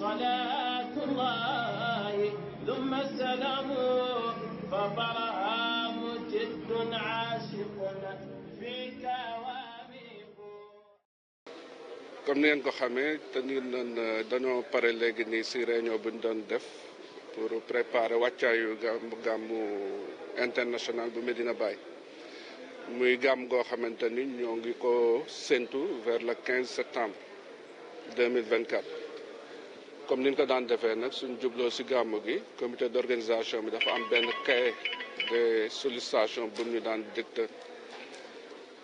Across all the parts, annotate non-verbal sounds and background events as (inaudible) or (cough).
صلاة الله ثم السلام فطرها مجد عاشق فيك واميق comme ni ngeen ko xame te ñu doon euh, dañoo pare léegi ni si réunion bu doon def pour préparer wàccaayu gàmmu gàmmu international bu Medina Baye muy gàmm goo xamante ni ñoo ngi ko séntu vers le 15 septembre 2024 comme ni ñu ko daan defee nag suñ jubloo si gàmmu gi comité d' organisation bi dafa am benn cahier de sollicitation bu ñu daan dicté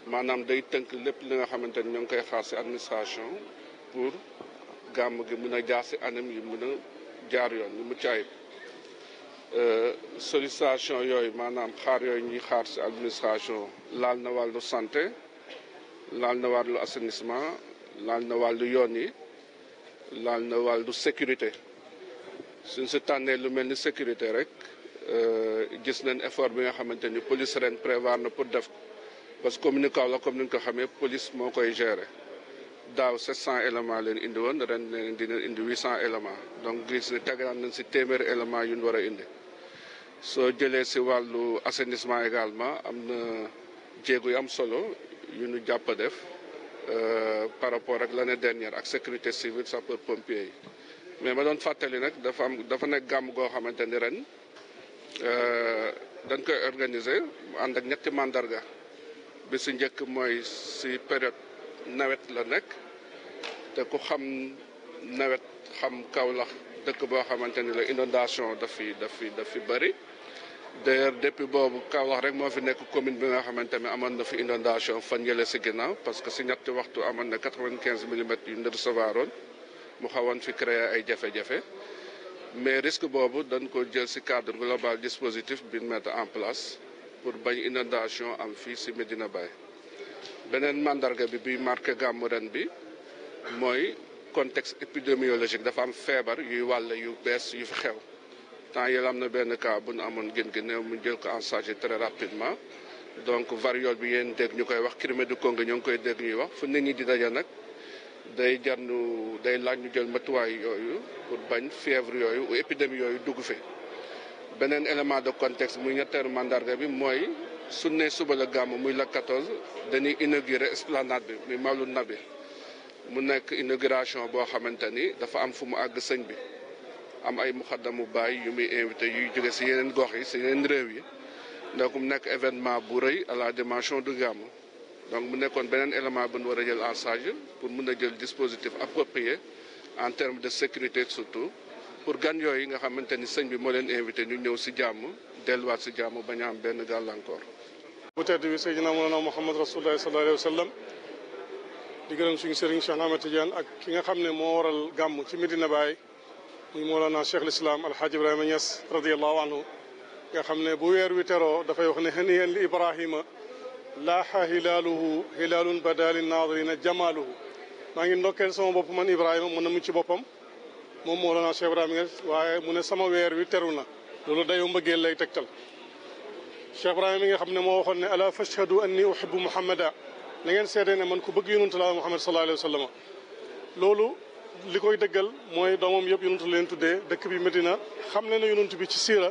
maanaam day tënk lépp li nga xamante ni ñoo ngi koy xaar si administration pour gàmmu gi mun a jaar si anam yi mun a jaar yoon yu mucc ayib euh, sollicitation yooyu maanaam xaar yooyu ñuy xaar si administration laal na wàllu santé laal na wàllu assainissement laal na wàllu yoon yi laal na wàllu sécurité suñ si tànnee lu mel ni sécurité rek euh, gis nañ effort bi nga xamante ni police ren prévoir na pour def parce que comme ni kaw la comme ni nga ko xamee police moo koy gérer daaw 700 éléments leen indi woon ren leen dina indi 800 éléments donc gis ni tegaan nañ si téeméeri éléments yu ñu war a indi soo jëlee si wàllu assainissement également am na jéego am solo yu nu jàpp def Euh, par rapport ak l'année dernière ak sécurité civile sapeur pompier yi mais ma doon fàttali nag dafa am dafa nekk gàmm goo xamante ni ren euh, dañ koy organiser ànd ak ñetti mandarga bi si njëkk mooy si période nawet la nekk te ku xam nawet xam Kaolack dëkk boo xamante ni la inondation daf fi daf fi daf bëri d'ailleurs depuis boobu Kaolack rek moo fi nekk commune bi nga xamante ne amoon na fi inondation fa yële si ginnaaw parce que si ñetti waxtu amoon na quatre-vingt-quinze millimètres yu ñu recevoir oon mu xawoon fi créer ay jafe-jafe mais risque boobu dañ ko jël si cadre global dispositif bi ñu mettre en place pour bañ inondation am fii si Medina Baye beneen mandarga bi bi marqué gàmmu ren bi mooy contexte épidémiologique dafa am feebar yuy wàll yu bees yu fi xew temps yële am na benn cas bu nu amoon gën gi néew mu jël ko en charge très rapidement donc variole bi ngeen dégg ñu koy wax Crimée du Congo ñoo ngi koy dégg ñuy wax fu nit ñi di daje nag day jar ñu day laaj ñu jël matuwaay yooyu pour bañ fièvre yooyu ou épidémie yooyu dugg fi. beneen élément de contexte muy ñetteelu mandarga bi mooy su ne suba la gàmm muy la 14 dañuy inaugurer esplanade bi muy na bi mu nekk inauguration boo xamante ni dafa am fu mu àgg sëñ bi. am ay muxaddamu baay yu muy invité yuy jóge si yeneen gox yi si yeneen réew yi donc mu nekk événement bu rëy à la dimension du gàmmu donc mu nekkoon beneen élément bu ñu war a jël en charge pour mun a jël dispositif approprié en termes de sécurité surtout pour gan yooyu nga xamante ni sëñ bi moo leen invité ñu ñëw si jàmm delluwaat si jàmm bañ a am benn gàllankoor. bu tedd bi Seydina Mawlana Muhammad Rasulullah sallallahu alayhi wa sallam di gërëm suñu sëriñ Cheikh ak ki nga xam ne moo waral gàmm ci Medina Baye muy Mawlana Cheikh Lislaam Alhaaj Ibrahima Niass radiallahu anhu nga xam ne bu weer wi teroo dafay wax ne haniyan li Ibrahima laaxa hilaaluhu hilaalun badaali naadirina jamaaluhu maa ngi ndokkeel sama bopp man Ibrahima mën na mu ci boppam moom Mawlana Cheikh Ibrahima Niass waaye mu ne sama weer wi teru na loolu dayoo mbëggeel lay tegtal Cheikh Ibrahima mi nga xam ne moo waxoon ne ala fashhadu a uhibbu muhammada na ngeen seede ne man ku bëgg yonantu laa Muhammad li koy dëggal mooy doomam yëpp yonent leen tuddee dëkk bi Medina xam ne na yonent bi ci siira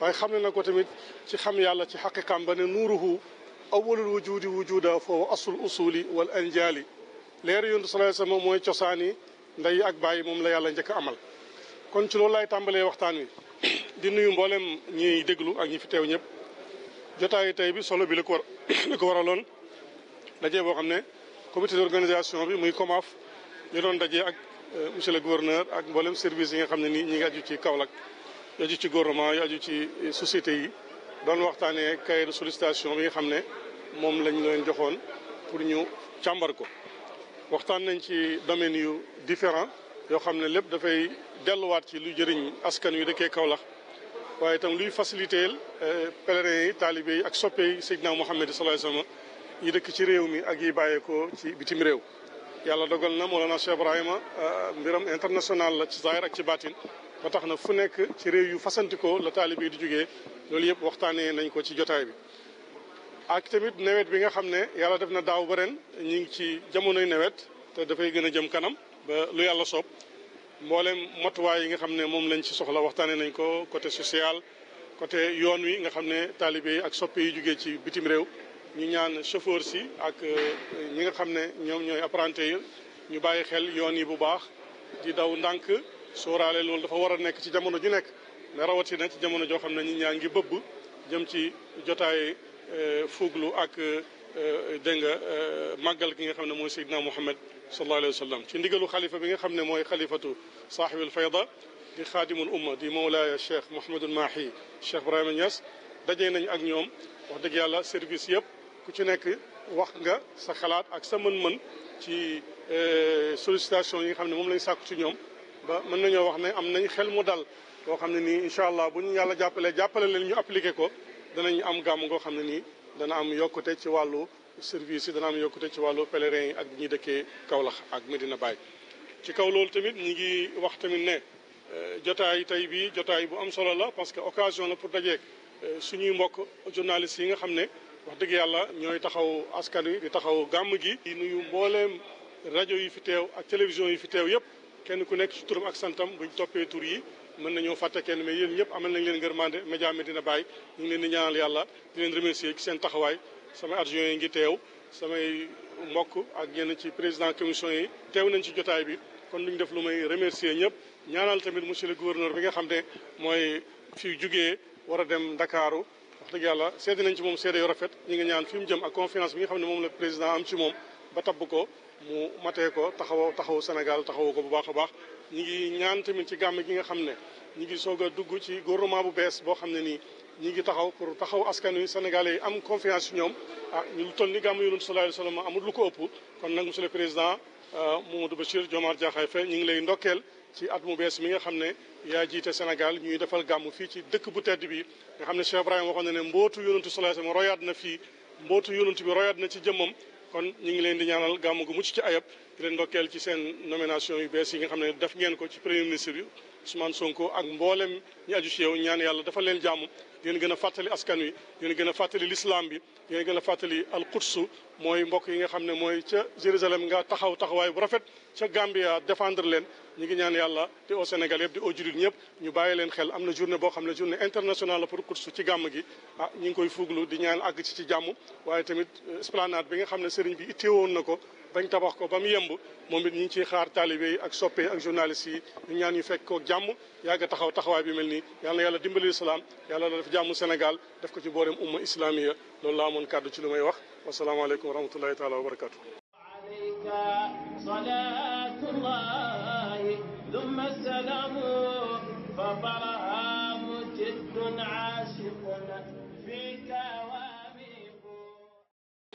waaye xam ne na ko tamit ci xam yàlla ci xaqiqam ba ne nuuruhu awalul wujudi wujuda foofu asul usuli wal anjaali leeru yonent sallallahu alayhi wasallam mooy cosaan yi ndey ak bàyyi moom la yàlla njëkk amal kon ci loolu laay tàmbalee waxtaan wi (coughs) di nuyu mboolem ñi déglu ak ñi fi teew ñëpp jotaayu tey bi solo bi li ko war (coughs) li ko daje boo xam ne comité d'organisation bi muy COMAF ñu doon daje ak Euh, monsieur le gouverneur ak mboolem service yi nga xam ne nii ñi ngi aju ci Kaolack yu aju ci gouvernement yu aju ci euh, société yi doon waxtaanee cahier de sollicitation bi nga xam ne moom lañ leen joxoon pour ñu càmbar ko waxtaan nañ ci domaines yu différents yoo xam ne lépp dafay delluwaat ci lu jëriñ askan wi dëkkee Kaolack waaye itam luy faciliter euh, pèlerins yi taalibe yi ak soppe yi Seydina Mouhamed sallallahu alayhi wa sallam yi dëkk ci réew mi ak yi bàyyeekoo ci bitim réew yàlla dogal na Mawlana Cheikh Ibrahima euh, mbiram international la ci zahir ak ci baatin ba tax na fu nekk ci réew yu fasantikoo la taalibe di jógee loolu yëpp waxtaanee nañ ko ci jotaay bi. ak tamit nawet bi nga xam ne yàlla def na daaw ba ren ñu ngi ci jamonoy nawet te dafay gën a jëm kanam ba lu yàlla soob mboolem matuwaay yi nga xam ne moom lañ ci soxla waxtaanee nañ ko côté social côté yoon wi nga xam ne taalibe yi ak soppe yi jógee ci bitim réew. ñu ñaan chauffeur si ak euh, ñi nga xam ne ñoom ñooy apprenti ñu bàyyi xel yoon yi bu baax di daw ndànk sóoraale loolu dafa war a nekk ci jamono ju nekk mais rawatina ci jamono joo xam ne nit ñaa ngi bëbb jëm ci jotaay euh, fuglu ak euh, dégg nga màggal gi nga xam ne mooy Seydina Muhammad sallallahu alayhi wa sallam ci ndigalu xalifa bi nga xam ne mooy xalifatu saaxibil fayda di xaadimul umma di mawlaaya cheikh Mouhamadul Mahi cheikh Ibrahima Niass dajee nañ ak ñoom wax dëgg yàlla service yëpp ku ci nekk wax nga sa xalaat ak sa mën-mën ci euh, sollicitation yi nga xam ne moom lañ sàkku ci ñoom ba mën nañoo wax ne am nañ xel mu dal koo xam ne nii incha allah bu ñu yàlla jàppalee jàppale leen ñu appliqué ko danañ am gàmm ngoo xam ne nii dana am yokkute ci wàllu service yi dana am yokkute ci wàllu pèlerin yi ak bi ñuy dëkkee Kaolack ak Medina Baye. ci kaw loolu tamit ñi ngi wax tamit ne euh, jotaay tey bii jotaay bu am solo la parce que occasion la pour dajeek euh, suñuy mbokk journalistes yi nga xam ne wax dëgg yàlla ñooy taxaw askan wi di taxaw gàmm gi di nuyu mbooleem rajo yi fi teew ak télévision yi fi teew yëpp kenn ku nekk si turam ak santam buñ toppee tur yi mën nañoo fàtte kenn mais yéen ñëpp amal nañ leen ngërmande média dina Baye ñu ngi leen di ñaanal yàlla di leen remercier ci seen taxawaay sama adjoint yi ngi teew samay mbokk ak ñenn ci président commission yi teew nañ ci jotaay bi kon ñu def lu may remercier ñëpp ñaanal tamit monsieur le gouverneur bi nga xam ne mooy fi jugee war a dem Ndakaaru dëgg yàlla seede nañ ci moom seede yu rafet ñu ngi ñaan fi mu jëm ak confiance bi nga xam ne moom la président am ci moom ba tabb ko mu matee ko taxaw taxaw Sénégal taxaw ko bu baax a baax ñi ngi ñaan tamit ci gàmm gi nga xam ne ñi ngi soog a dugg ci gouvernement bu bees boo xam ne nii ñi ngi taxaw pour taxaw askan wi sénégalais yi am confiance ci ñoom ah ñu toll ni gàmm yonent sallallahu alayhi wa sallam amul lu ko ëpp kon nag monsieur le président euh, Mamadou Bachir Diomaye Diakhar Faye ñu ngi lay ndokkeel ci at mu bees mi nga xam ne yaa jiite Sénégal ñuy defal gàmm fii ci dëkk bu tedd bi nga xam ne Cheikh Ibrahima waxoon ne ne mbootu yonantu sallallahu alayhi wasallam royaat na fii mbootu yonantu bi royaat na ci jëmmam kon ñu ngi leen di ñaanal gàmm gu mucc ci ayab di leen ndokkeel ci seen nomination yu bees yi nga xam ne def ngeen ko ci premier ministre bi Ousmane Sonko ak mboolem ñi aju ci ñaan yàlla dafa leen jàmm di leen gën a fàttali askan wi di leen gën fàttali lislaam bi di leen gën a fàttali alqudsu mooy mbokk yi nga xam ne mooy ca Jérusalem nga taxaw taxawaay bu rafet ca Gambia défendre leen ñu ngi ñaan yàlla te au Sénégal yëpp di au jullit ñëpp ñu bàyyi leen xel am na journée boo xam ne journée internationale la pour Quds ci gàmm gi ah ñu ngi koy fuglu di ñaan àgg ci ci jàmm waaye tamit euh, esplanade bi nga xam ne sëriñ bi woon na ko bañ tabax ko ba mu yemb moom it ñu ngi ciy xaar taalibe yi ak soppe yi ak journalistes ñaan ñu fekk jàmm yàgg taxaw taxawaay bi mel nii yàlla yàlla dimbali islam def jàmm Sénégal def ko ci booleem umma islamiya loolu laa amoon kàddu ci lu may wax wasalaamaaleykum wa rahmatullahi taala wa barakatu salaatullahi dumma salaamu fa